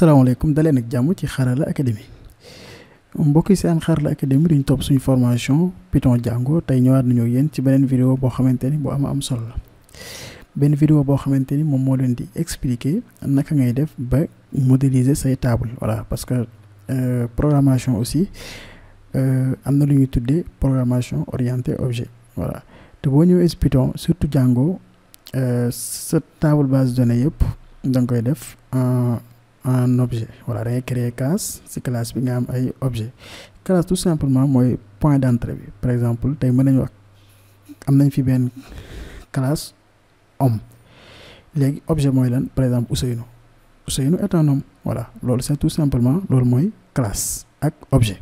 d'aller dalen ak jàmm ci xarala academy mbokk yi seen xarala académie top top suñu formation Python Django tay ñëwaat nañoo yeen ci beneen vidéo boo xamanteni ni bu am am solo la benn vidéo boo xamanteni ni moom moo leen di expliquer naka ngay def ba modéliser say table voilà parce que euh, programmation aussi euh, am na lu ñuy tuddee programmation orientée objet voilà te boo ñëwee Python surtout Django euh, sa table base de données yëpp da koy def un objet voilà récréer créer classe c'est classe bi nga am objet classe tout simplement moi point d'entrée par exemple tay mën nañu wax am nañ fi classe homme objets objet moy lan par exemple Ousseynou nous est un homme voilà lolu c'est tout simplement lolu moy classe ak objet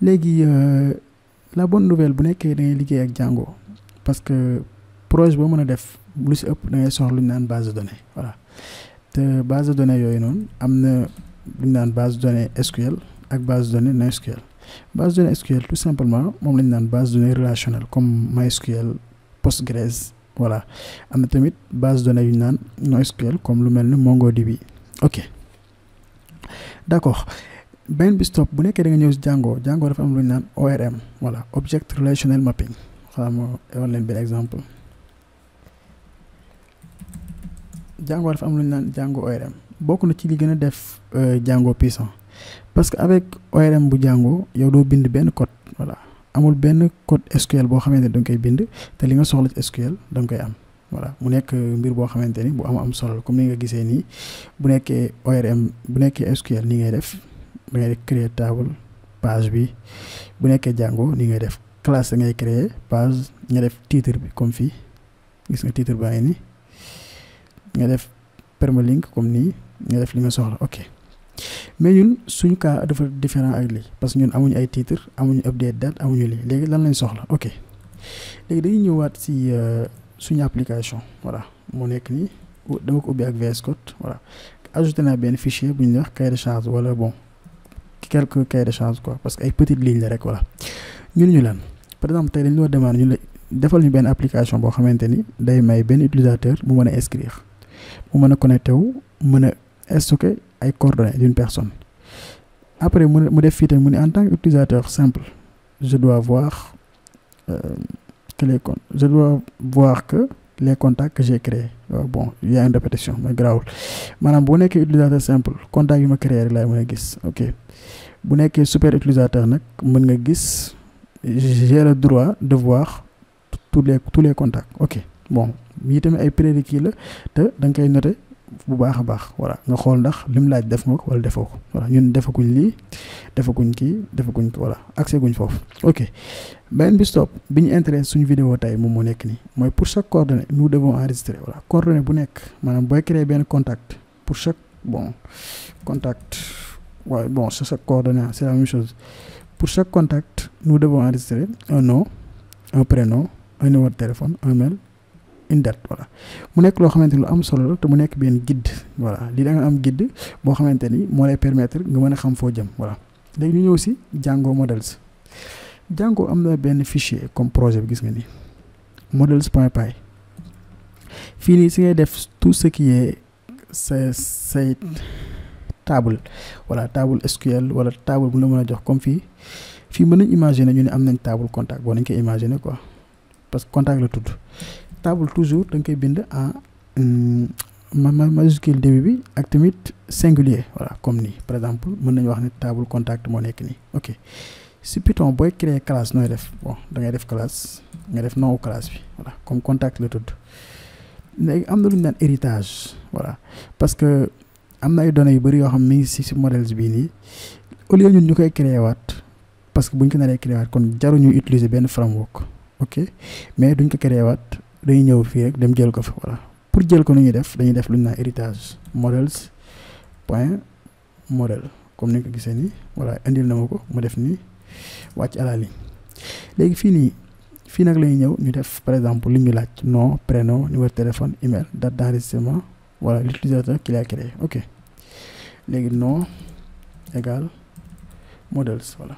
les léegi euh, la bonne nouvelle bu nekkee da ngay liggéey Django parce que proche bo meuna a def lu ci ëpp lu base de données voilà base de données yooyu noonu am na lu base de données SQL ak base de données NoSQL base de données SQL tout simplement moom la base de données relationnelle comme MySQL PostgreSQL, voilà am na tamit base de données yu NoSQL comme lu mel MongoDB ok d'accord benn bi stop bu nekkee da nga Django Django dafa am lu ORM voilà Object Relational Mapping xam nga leen benn exemple. jango dafa am luñ nane naan ORM bokku na ci li gëna def Django euh, puissant parce que avec ORM bu jango yow do bind ben code voilà amul ben code SQL bo xamanteni dang koy bind te li nga soxla ci SQL dang koy am voilà mu nek euh, mbir bo xamanteni ni bu am am solo comme ni nga gisee ni bu nekké ORM bu nekké SQL ni ngay def da ngay créer table page bi bu nekké Django ni ngay def classe ngay créer page nga def titre bi comme fi gis nga titre ba ni nga def permalink comme nii nga def li nga soxla ok mais ñun suñu cas dafa différent ak lii parce que ñun amuñu ay titre amuñu update date amuñu lii léegi lan lañ soxla ok léegi dañuy ñëwaat si euh, suñu application voilà moo nekk nii dama ko ubbi ak VS Code voilà ajouté naa benn fichier bu ñuy wax cahier de wala bon quelque cahier de charge quoi parce que ay petites lignes la rek voilà ñun ñu lan par exemple tey dañ loo demande ñu defal ñu benn application boo xamante ni day may benn utilisateur bu mën a inscrire Pour me connecter, connecté wu stocker les coordonnées d'une personne après mon défi def en tant qu'utilisateur simple euh, je dois voir que les contacts que j'ai créés euh, bon il y a une répétition mais grave. vous êtes un utilisateur simple contact que ma créé là, laay j'ai Ok. gis ok bu super utilisateur vous mën nga j'ai le droit de voir tous les tous les contacts ok bon yii tamit ay prérequis la te da nga koy noté bu baax a baax voilà nga xool ndax lim laaj def nga ko wala defoo ko voilà ñun defaguñ lii defaguñ kii defaguñ ko voilà accès guñ foofu. ok beneen bi stop bi ñu intéresse suñu vidéo tey moom moo nekk nii mooy pour chaque coordonnée nous devons enregistrer voilà coordonnée bu nekk maanaam booy créer benn contact pour chaque bon contact Ouais, bon sur chaque coordonnée c'est la même chose pour chaque contact nous devons enregistrer un nom un prénom un numéro de téléphone un mail. une date voilà mu nek lo xamanteni lu am solo la te mu nek ben guide voilà li da nga am guide bo xamanteni mo lay permettre nga meuna xam fo jëm voilà léegi ñu ñëw si Django models Django am na ben fichier comme projet bi gis nga ni models point py fii si ngay def tout ce qui est say table voilà table SQL wala table bu la meuna jox comme fi fi meuna imaginer ñu ni am nañ table contact bo nañ ko imaginer quoi parce que contact la tudd table toujours donc bind en euh, ma majuscule début bi ak tamit singulier voilà comme ni par exemple mën nañu wax ni table contact mo nek ni ok si Python boy créer classe noy def bon da ngay def classe nga def nom classe bi voilà comme contact le tout mais am na lu ñu héritage voilà parce que am na ay données yu bari yoo xam ni si si modèles bii nii au lieu ñun ñu koy créer waat parce que buñ ñu ko naree créer waat kon jaruñu utiliser benn framework ok mais duñ ko créer waat dañuy ñëw fii rek dem jël ko fi voilà pour jël ko nu ñuy def dañuy def lu naa naan héritage models point model comme ni gisee nii voilà indil na ma ko ma def nii wàcc à la ligne léegi fii nii fii nag la ñëw ñu def par exemple li ñu laaj nom prénom numéro téléphone email date d'enregistrement voilà l'utilisateur qui l'a créé ok léegi nom égal models voilà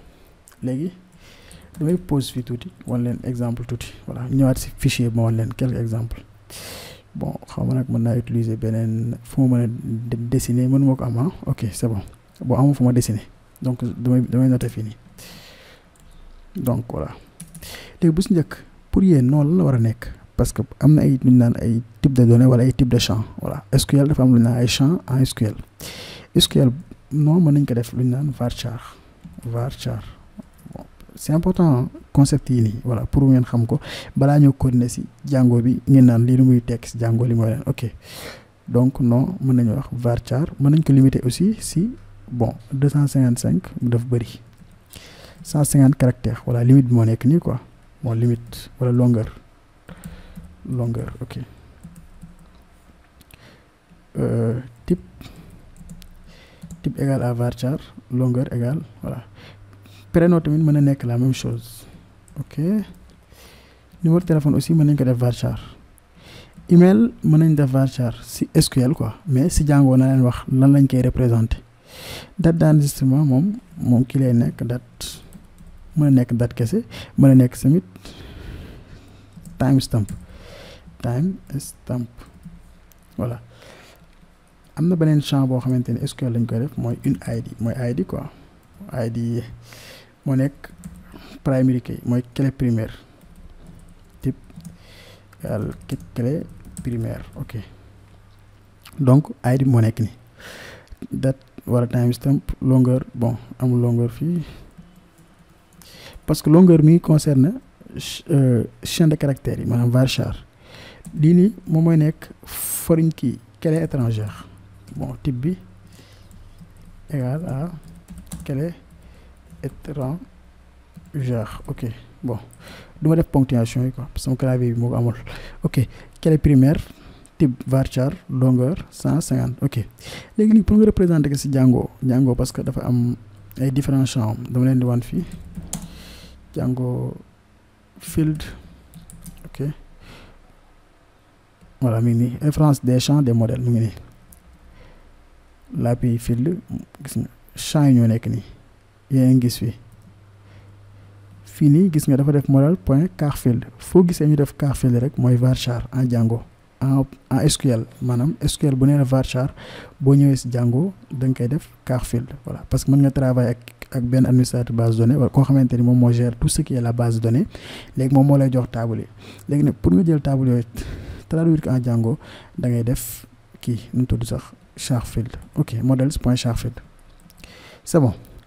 léegi. damay pause fii tuuti wan leen exemple tuuti voilà ñëwaat si fichier ma wan leen quelques exemples bon xaw ma nag mën naa utiliser beneen fu ma mën a dessiner mën moo ko am ah ok c'est bon bon amu fu ma dessiner donc damay damay noter fii nii donc voilà léegi bu si njëkk pour yéen noonu la war a nekk parce que am na ay lu ñu naan ay type de données wala ay type de champ voilà SQL dafa am lu ñu naan ay champ en SQL SQL noonu mën nañ ko def lu naan varchar varchar c'est important concept yi voilà pour ngeen xam ko balaa ñoo continuer si jàngo bi ngeen nan li lu muy si li ok donc non mën nañu wax varchar mën nañ ko limiter aussi si bon 255 cent cinquante cinq mu cent caractères voilà limite bi moo ni quoi bon limite voilà longueur longueur ok euh, type type égal à varchar longueur égal voilà prénom tamit mën na la même chose ok numéro téléphone aussi mën nañ ko def varchar email mën nañ def varchar si SQL quoi mais si jàngoo na leen wax lan lañ koy représenté date d'enregistrement moom moom ki lay date date time stamp time stamp voilà am na beneen champ boo xamante SQL lañ koy def une ID mooy ID quoi ID moo nekk primary key mooy clé primaire type al euh, clé primaire ok donc id moo nekk ni date wala timestamp longueur bon am longueur fii parce que longueur mi concerne euh, champ de caractère yi maanaam varchar lii nii moom mooy nekk foreign key clé étrangère bon type bi égal à clé étrangère ok bon duma de ponctuation quoi parce que clavier amol primaire type varchar longueur 150. ok les pour représenter Django Django parce que dafa différents champs Django field ok voilà mini en France des champs des modèles mini field champs yaa ngi gis fii gis nga dafa def model point Carfield foo gisee ñu def Carfield rek moy varchar en Django en en SQL manam SQL bu nee varchar bo ñëwee ci Django da nga koy def Carfield voilà parce que mën nga travailler ak ak benn administrateur base de données wala koo xamante ni gère tout ce qui est la base de données léegi moom moo lay jox table légui léegi pour nga jël table yooyu traduire en Django da ngay def ki ñu mu sax Charfield ok models point Charfield c'est bon.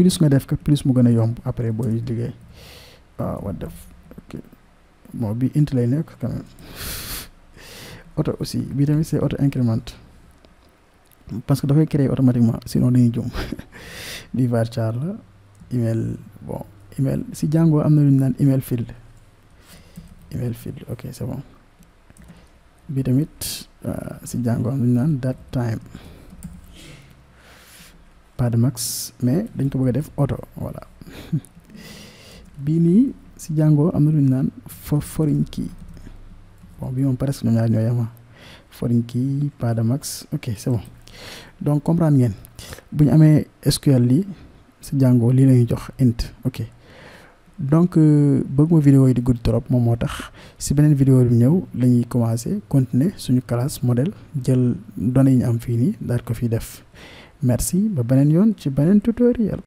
plus nga def ka plus mu gëna yomb après boy liggéey ah what the, ok mo bi int lay nek quand même auto aussi bi tamit c'est auto increment parce que fay créer automatiquement sinon dañuy jom bi varchar la email bon email si jango amna lu ñu email field email field ok c'est bon bi tamit ah, si jango amna lu ñu naan time pas de max mais dañ ko bëgg def oto voilà bii nii si jàngoo am na lu naan fo forin kii bon bi moom ah. kii pas max ok c'est bon donc comprendre ngeen bu ñu amee SQL lii si njàngoo lii lañuy jox int ok donc euh, bëgguma vidéo yi di gudd trop moom moo tax si beneen vidéo bi ñëw lañuy ñuy commencer continuer suñu classe modèle jël données yi ñu am fii nii daal ko fii def merci ba beneen yoon ci beneen tutoriel